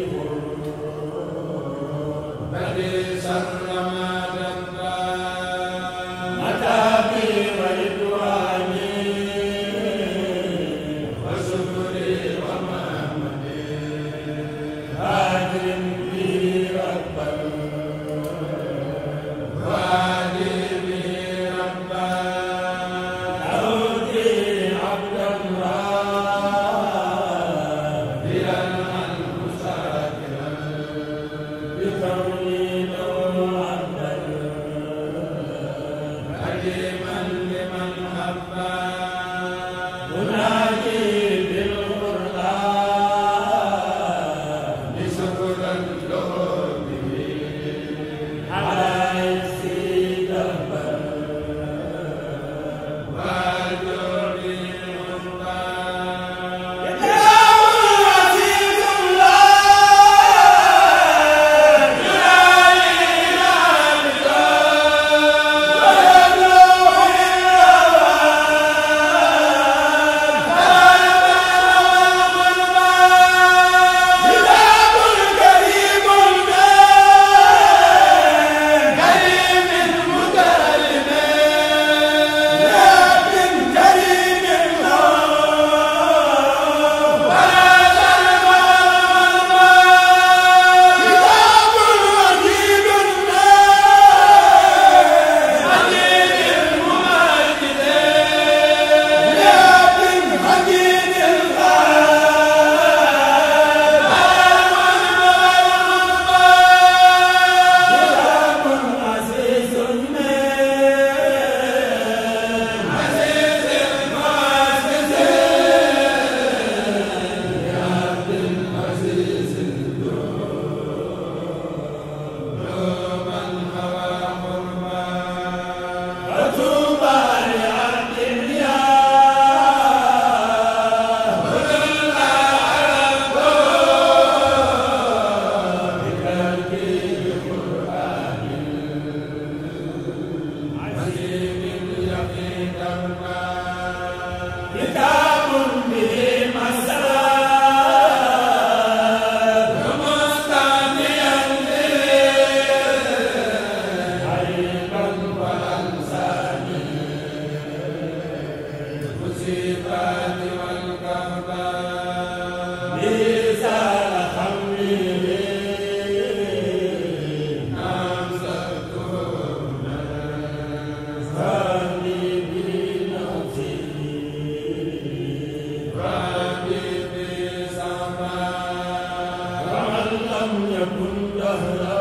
Senhor. الدهر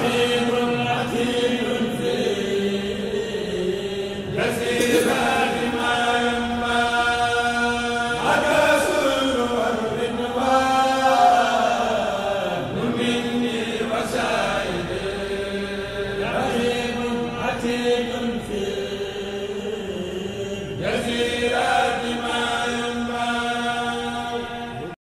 Amin